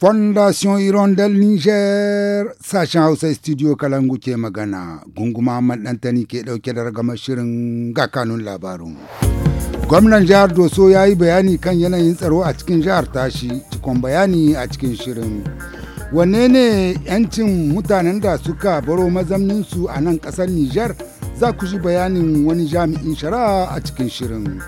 Fondation Hirondelle Niger sashen Hausa Studio Kalangu ke magana gunguma maɗantani ke ɗauke da ragama shirin ga kanun labarun. Gwamnan jihar Doso ya yi bayani kan yanayin tsaro a cikin jihar tashi cikon bayani a cikin shirin. Wanne ne 'yancin mutanen da suka baro mazamninsu a nan ƙasar Nijar za ku ji bayanin wani jami'in shari'a a cikin shirin.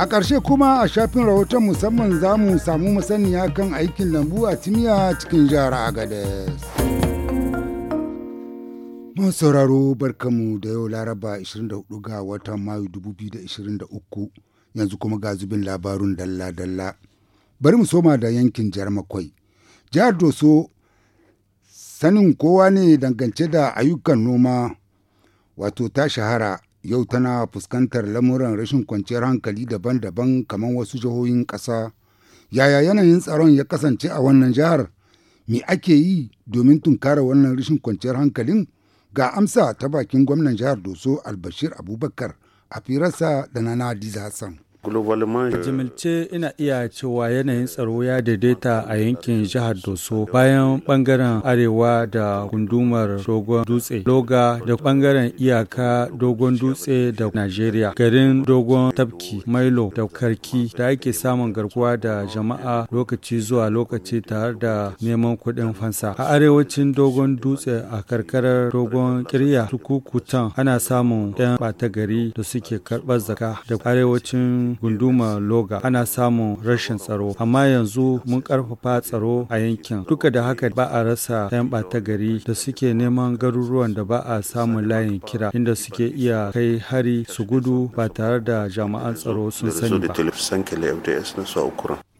A ƙarshe kuma a shafin rahoton musamman za mu samu masaniya kan aikin lambu a Timiya cikin jihar Agadez. Mun sauraro barkamu da yau Laraba 24 ga watan Mayu 2023 yanzu kuma ga zubin labarun dalla-dalla. Bari mu soma da yankin jihar Makwai. Jihar Doso sanin kowa ne dangance da ayyukan noma wato ta shahara yau tana fuskantar lamuran rashin kwanciyar hankali daban-daban kamar wasu jihohin ƙasa. Yaya yanayin tsaron ya kasance a wannan jihar? Me ake yi domin tunkara wannan rashin kwanciyar hankalin? Ga amsa ta bakin gwamnan jihar Doso Albashir Abubakar a firarsa da Nana Hadiza Hassan. jimilce ina iya cewa yanayin tsaro ya daidaita a yankin jihar doso bayan bangaren arewa da gundumar dogon dutse loga da bangaren iyaka dogon dutse da najeriya garin dogon tafki mailo da karki da ake samun garkuwa da jama'a lokaci zuwa lokaci tare da neman kuɗin fansa a arewacin dogon dutse a karkarar dogon kirya tukukutan ana samun 'yan gari da suke karɓar zaka da arewacin gunduma loga ana samun rashin tsaro amma yanzu mun karfafa tsaro a yankin duka da haka ba a rasa yan bata gari da suke neman garuruwan da ba a samun layin kira inda suke iya kai hari su gudu ba tare da jama'an tsaro sun sani ba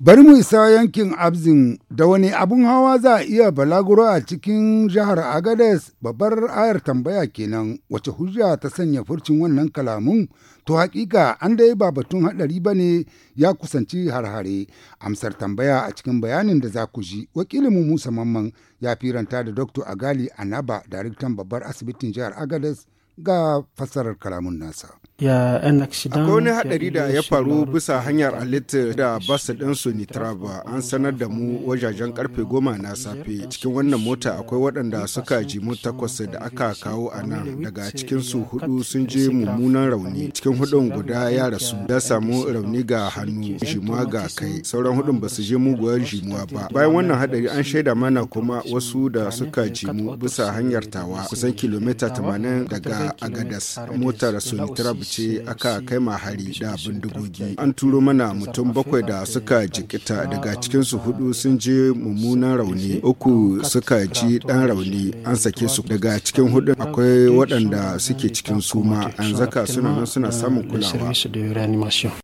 bari mu isa yankin abzin da wani abun hawa za a iya balaguro a cikin jihar agades babbar ayar tambaya kenan wace hujja ta sanya furcin wannan kalamun To hakika an dai ba batun haɗari ba ne ya kusanci harhare. Amsar tambaya a cikin bayanin da za ku ji wakilinmu Musa Mamman ya firanta da Dr. Agali Anaba, daraktan babbar asibitin jihar agadas. ga fassarar kalamun nasa. ya yan wani haɗari da ya faru bisa hanyar alit da bas ɗinsu nitraba an sanar da mu wajajen karfe goma na safe cikin wannan mota akwai waɗanda suka ji mu takwas da aka kawo a nan daga cikin su hudu sun je mummunan rauni cikin hudun guda ya rasu ya samu rauni ga hannu jimuwa ga kai sauran hudun ba su je muguwar jimuwa ba bayan wannan haɗari, an shaida mana kuma wasu da suka ji mu bisa hanyar tawa kusan kilomita 80 daga a gadas motar Sonitrab ce aka kai hari da bindigogi. An turo mana mutum bakwai da suka jikita daga cikinsu hudu sun je mummunan rauni, uku suka ji dan rauni an sake su daga cikin hudu akwai waɗanda suke cikin suma an zaka suna nan suna samun kulawa.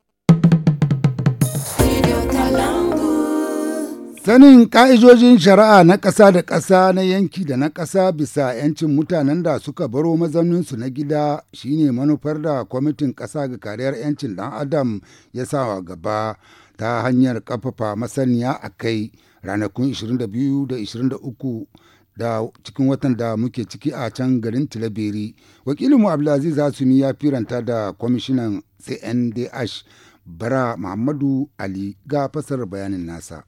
Sanin ka'ijojin shari'a na ƙasa da ƙasa na yanki da na ƙasa bisa 'yancin mutanen da suka baro mazauninsu na gida shine manufar da kwamitin ƙasa ga kariyar 'yancin ɗan adam ya sawa gaba ta hanyar ƙafafa masaniya a kai ranakun 22 da 23 da cikin watan da muke ciki a can garin tilaberi wakilinmu abdulaziz hasumi ya firanta da kwamishinan cndh bara muhammadu ali ga fasar bayanin nasa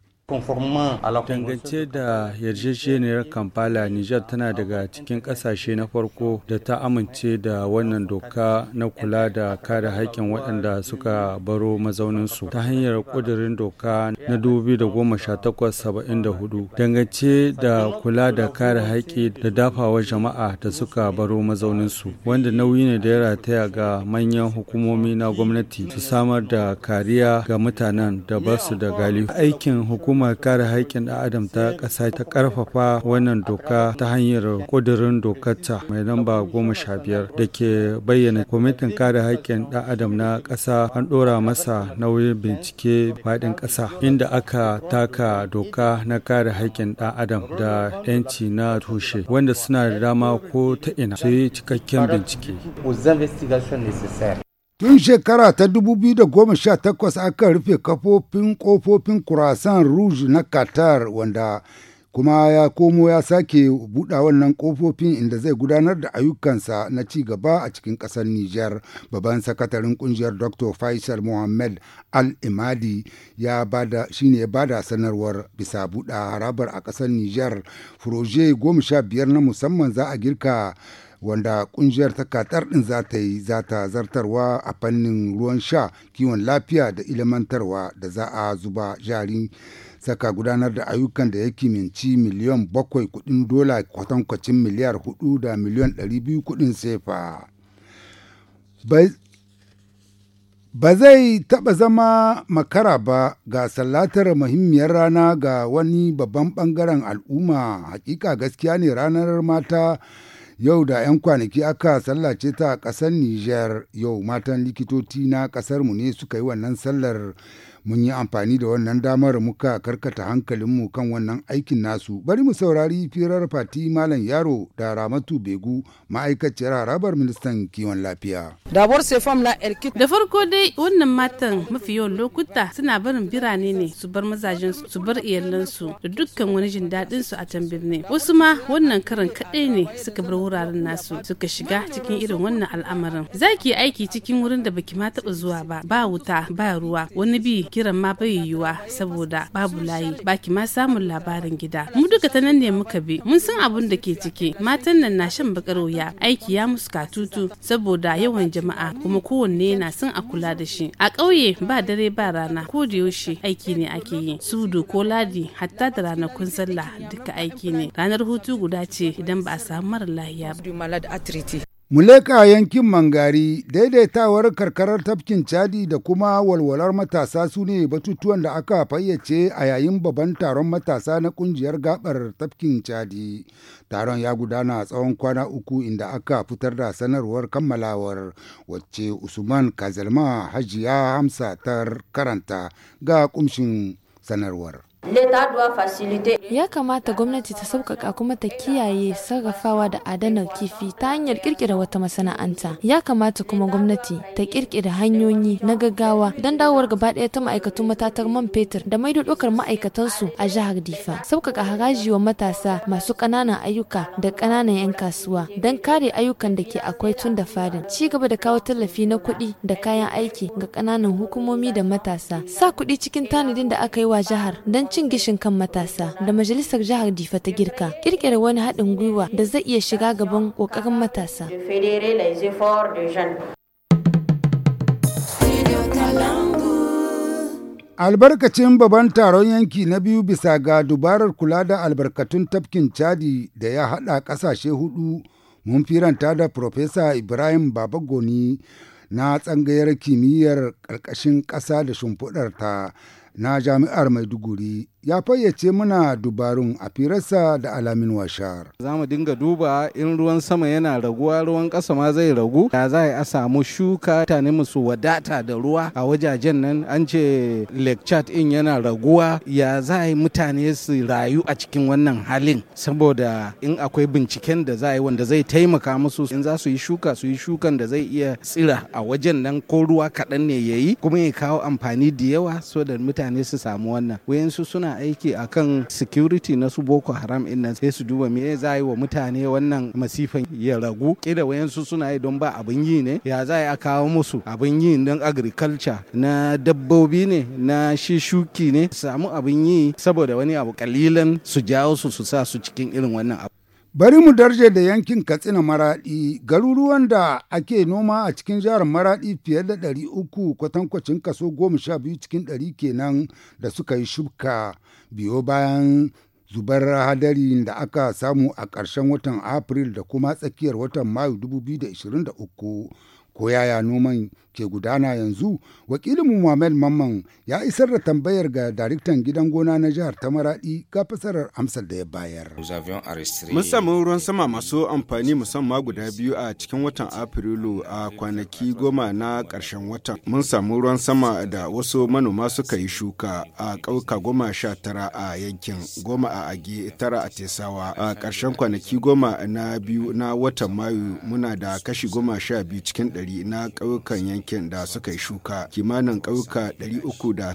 Dangance da yarjejeniyar Kampala, Nijar tana daga cikin ƙasashe na farko da ta amince da wannan doka na kula da kare haƙƙin waɗanda suka baro mazauninsu ta hanyar ƙudurin doka na 2018-74 dangance da kula da kare haƙƙi da dafawa jama'a da suka baro mazauninsu wanda nauyi ne da ya rataya ga manyan hukumomi na gwamnati su samar da kariya ga mutanen da ba su da galihu. Aikin hukumar hukumar kare haƙƙin ɗan adam ta ƙasa ta ƙarfafa wannan doka ta hanyar ƙudurin dokarta mai lamba goma sha biyar da ke bayyana kwamitin kare haƙƙin ɗan adam na ƙasa an ɗora masa nauyin bincike faɗin ƙasa inda aka taka doka na kare haƙƙin ɗan adam da 'yanci na tushe wanda suna da dama ko ta ina su yi cikakken bincike. Tun shekara ta 2018 aka rufe kafofin kofofin Kurasan Rouge na Qatar wanda kuma ya komo ya sake buɗa wannan kofofin inda zai gudanar da ayyukansa na ci gaba a cikin ƙasar niger. Babban sakatarin ƙungiyar Dr. Faisal Mohammed Al-Imadi ya bada shine ya bada sanarwar bisa buɗa harabar a ƙasar niger. Furoje goma sha biyar na musamman za a girka wanda kungiyar ta katar din za ta yi za ta zartarwa a fannin ruwan sha kiwon lafiya da ilimantarwa da za a zuba jari saka gudanar da ayyukan da ya kimanci miliyan bakwai kudin dola kwatankwacin miliyar hudu da miliyan ɗari biyu kudin sefa ba zai taɓa zama makara ba ga sallatar muhimmiyar rana ga wani babban ɓangaren al'umma hakika gaskiya ne ranar mata yau da 'yan kwanaki aka sallace ta a ƙasar niger yau matan likitoci na ƙasarmu ne suka yi wannan sallar mun yi amfani da wannan damar muka karkata hankalin mu kan wannan aikin nasu bari mu saurari firar fati malam yaro da ramatu begu ma'aikaciyar harabar ministan kiwon lafiya da farko dai wannan matan mafi yawan lokuta suna barin birane ne su bar mazajen su bar iyalansu da dukkan wani jin daɗin su a can birni wasu ma wannan karan kaɗai ne suka bar wuraren nasu suka shiga cikin irin wannan al'amarin zaki aiki cikin wurin da baki ma taɓa zuwa ba ba wuta ba ruwa wani bi kiran ma bai yiwuwa saboda babu layi baki ma samun labarin gida mu duka ta nan ne muka bi mun san abun da ke ciki matan nan na shan bakar wuya aiki ya musu katutu saboda yawan jama'a kuma kowanne yana son a kula da shi a ƙauye ba dare ba rana ko da yaushe aiki ne ake yi sudu ko ladi hatta da ranakun sallah duka aiki ne ranar hutu guda ce idan ba a samu mara lahiya ba Muleka yankin Mangari daidaitawar karkarar tafkin Chadi da kuma walwalar matasa su ne batutuwan da aka fayyace a yayin babban taron matasa na kungiyar gabar tafkin Chadi. Taron ya gudana a tsawon kwana uku inda aka fitar da sanarwar kammalawar wacce Usman Kazalma Hajiya Hamsa ta karanta ga kumshin sanarwar. Ya kamata gwamnati ta sauƙaƙa kuma ta kiyaye sarrafawa da adanar kifi ta hanyar ƙirƙira wata masana'anta. Ya kamata kuma gwamnati ta ƙirƙira hanyoyi na gaggawa don dawowar gaba ɗaya ta ma'aikatu matatar man fetur da mai ɗaukar ma'aikatansu a jihar Difa. Sauƙaƙa haraji wa matasa masu ƙananan ayyuka da ƙananan 'yan kasuwa don kare ayyukan da ke akwai tun da farin. Ci gaba da kawo tallafi na kuɗi da kayan aiki ga ƙananan hukumomi da matasa. Sa kuɗi cikin tanadin da aka yi wa jihar don cin gishin kan matasa da majalisar jihar Difa ta girka kirkira wani haɗin gwiwa da zai iya shiga gaban ƙoƙarin matasa. albarkacin babban taron yanki na biyu bisa ga dubarar kula da albarkatun tafkin chadi da ya haɗa ƙasashe hudu mun firanta da Profesa Ibrahim Babagoni na tsangayar kimiyyar ƙarƙashin ƙasa da shimfiɗarta na Jami'ar Maiduguri. ya fayyace muna dubarun a firarsa da alamin washar. Za mu dinga duba in ruwan sama yana raguwa ruwan ƙasa ma zai ragu Ya za a samu shuka mutane musu wadata da ruwa a wajajen nan an ce lake chat in yana raguwa ya za a mutane su rayu a cikin wannan halin saboda in akwai binciken da za a yi wanda zai taimaka musu in za su yi shuka su yi shukan da zai iya tsira a wajen nan ko ruwa kaɗan ne ya yi kuma ya kawo amfani da yawa so da mutane su samu wannan wayansu suna suna aiki akan security na su boko haram in nan sai su duba me za yi wa mutane wannan masifan ya ragu kila wayansu suna yi don ba abin yi ne ya za a kawo musu abin yi don agriculture na dabbobi ne na shi shuki ne samu abin yi saboda wani abu kalilan su jawo su su sa su cikin irin wannan abu Bari mu darje da yankin Katsina Maraɗi, garuruwan da ake noma a cikin jihar Maraɗi fiye da ɗari uku kwatankwacin kaso goma sha biyu cikin ɗari kenan da suka yi shuka biyo bayan zubar hadari da aka samu a ƙarshen watan Afril da kuma tsakiyar watan Mayu 2023 ko yaya noman ke gudana yanzu wakilinmu muhammad mamman ya isar da tambayar ga daraktan gidan gona na jihar ta maradi ga fasarar amsar da ya bayar mun samu ruwan sama masu amfani musamman guda biyu a cikin watan afrilu a kwanaki goma na karshen watan mun samu ruwan sama da wasu manoma suka yi shuka a kauka goma sha tara a yankin goma a age tara a tesawa a karshen kwanaki goma na biyu na watan mayu muna da kashi goma sha biyu cikin ɗari ina na ƙauyukan yankin da suka yi shuka kimanin ƙauyuka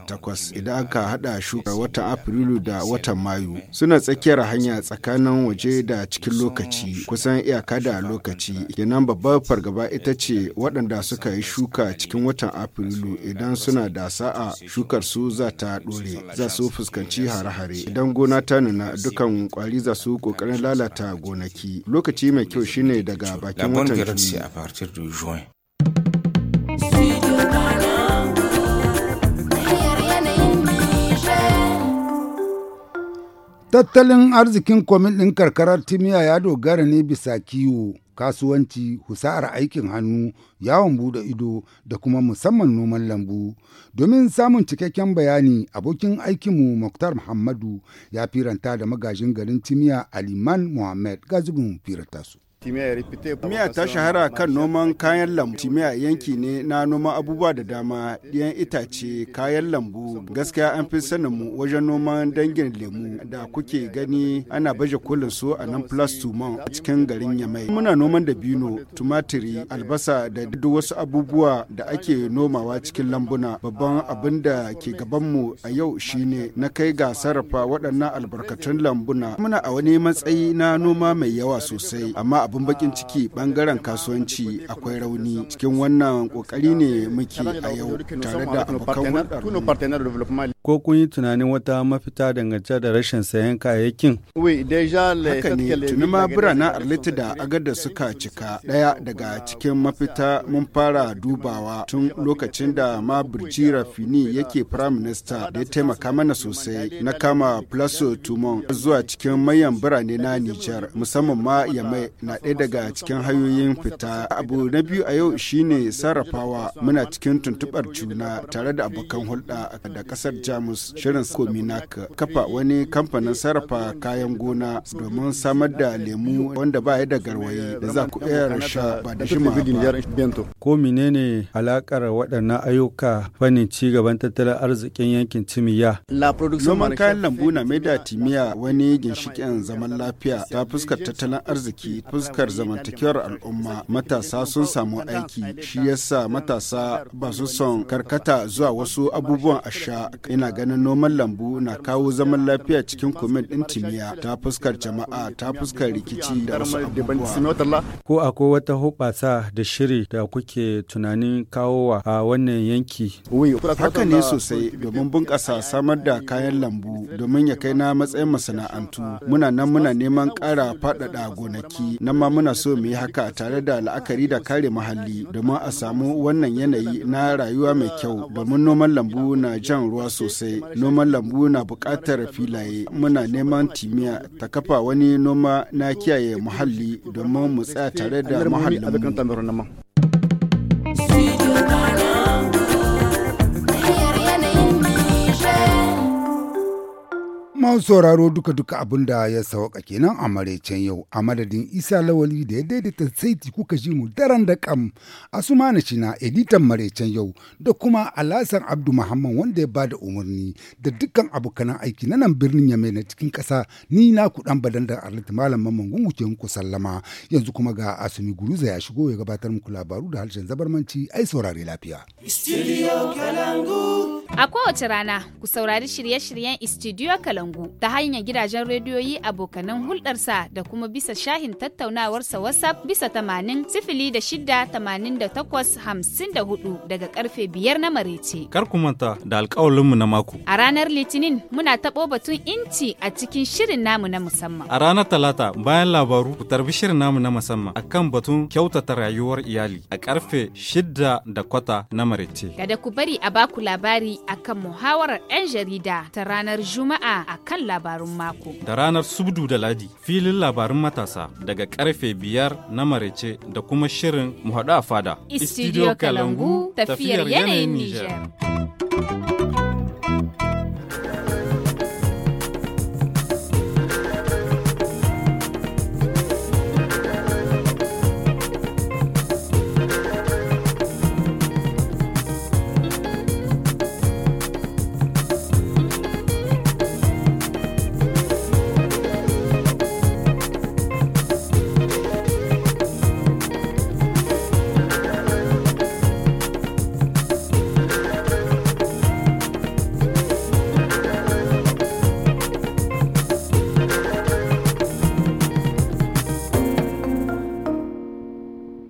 takwas idan aka haɗa shuka watan afrilu da watan mayu suna tsakiyar hanya tsakanin waje da cikin lokaci kusan iyaka da lokaci kenan babbar fargaba ita ce waɗanda suka yi shuka cikin watan afrilu idan suna da sa'a shukar su za ta ɗore za su fuskanci hare-hare idan gona ta nuna dukan kwari za su ƙoƙarin lalata gonaki lokaci mai kyau shine daga bakin watan Tattalin arzikin kwamit ɗin karkarar Timiya ya dogara ne bisa kiwo, kasuwanci, husa'ar aikin hannu, yawon buɗe ido da kuma musamman noman lambu. Domin samun cikakken bayani, abokin aikinmu Muktar Muhammadu ya firanta da magajin garin Timiya Aliman Mohammed Gazibin firanta su. Miya ta shahara kan noman kayan lambu. Timiya yanki ne na noman abubuwa da dama, ɗiyan itace, kayan lambu. Gaskiya an fi sanin mu wajen noman dangin lemu da kuke gani ana baje kolin su a nan Plus a cikin garin Yamai. Muna noman da bino, tumatiri, albasa da duk wasu abubuwa da ake nomawa cikin lambuna. Babban abin da ke gaban mu a yau shine na kai ga sarrafa waɗannan albarkatun lambuna. Muna a wani matsayi na noma mai yawa sosai, amma abin bakin ciki bangaren kasuwanci akwai rauni cikin wannan kokari ne muke a yau tare da abokan ko kun yi tunanin wata mafita dangance da rashin sayan kayayyakin? Haka ne, tuni ma biranen Arlita da Agada suka cika ɗaya daga cikin mafita mun fara dubawa tun lokacin da ma Birji Rafini yake Prime Minister da ya taimaka mana sosai na kama Plaso Tumon zuwa cikin mayan birane na Nijar musamman ma Yamai na ɗaya daga cikin hanyoyin fita. Abu na biyu a yau shine sarrafawa muna cikin tuntuɓar juna tare da abokan hulɗa da ƙasar jamus shirin kominak kafa wani kamfanin sarrafa kayan gona domin samar da lemu wanda ba ya da garwaye da za ku iya sha ba da shima komi Ko menene alakar waɗannan ayyuka fannin ci gaban tattalin arzikin yankin Timiya? Noman kayan lambu na mai da Timiya wani ginshiƙin zaman lafiya ta fuskar tattalin arziki fuskar zamantakewar al'umma matasa sun samu aiki shi yasa matasa ba su son karkata zuwa wasu abubuwan asha ina Ina ganin noman lambu na kawo zaman lafiya cikin kumin din timiya ta fuskar jama'a ta fuskar rikici da wasu abubuwa. Ko akwai wata hubasa da shiri da kuke tunanin kawowa a wannan yanki? Haka ne sosai domin bunƙasa samar da kayan lambu domin ya kai na matsayin masana'antu. Muna nan muna neman ƙara faɗaɗa gonaki, nan ma muna so mu yi haka tare da la'akari da kare muhalli domin a samu wannan yanayi na rayuwa mai kyau domin noman lambu na jan ruwa sosai. sosai noman lambu na buƙatar filaye muna neman timiya ta kafa wani noma na kiyaye muhalli domin mu tsaya tare da muhallinmu mahu sauraro duka-duka abin da ya sauka kenan a maraicen yau a madadin Isa Lawali da ya daidaita saiti kuka ji mu daren da kam na na editan maraicen yau da kuma alasan Abdu Muhammad wanda ya bada umarni da dukkan abokanan aiki na nan birnin Yamai na cikin kasa ni na kudan badan da arliti Malam Mamman Gungu ke sallama yanzu kuma ga Asumi Guruza ya shigo ya gabatar muku labaru da harshen zabarmanci ai saurare lafiya. Studio Kalangu. A kowace rana ku saurari shirye-shiryen Studio Kalangu. ta hanyar gidajen rediyoyi abokanan hulɗarsa da kuma bisa shahin tattaunawarsa WhatsApp bisa tamanin sifili da shida tamanin da takwas hamsin da hudu daga karfe biyar na marece. Kar ku manta da alƙawalinmu na mako. A ranar Litinin muna taɓo batun inci a cikin shirin namu na musamman. A ranar Talata bayan labaru ku tarbi shirin namu na musamman akan batun kyautata rayuwar iyali a karfe shida da kwata na marece. Kada ku bari a baku labari akan muhawarar 'yan jarida ta ranar Juma'a a kan labarun mako. Da ranar Subdu da Ladi filin labarun matasa daga karfe biyar na marece da kuma shirin mu a fada. Istidiyo Kalangu tafiyar yanayin Nijar.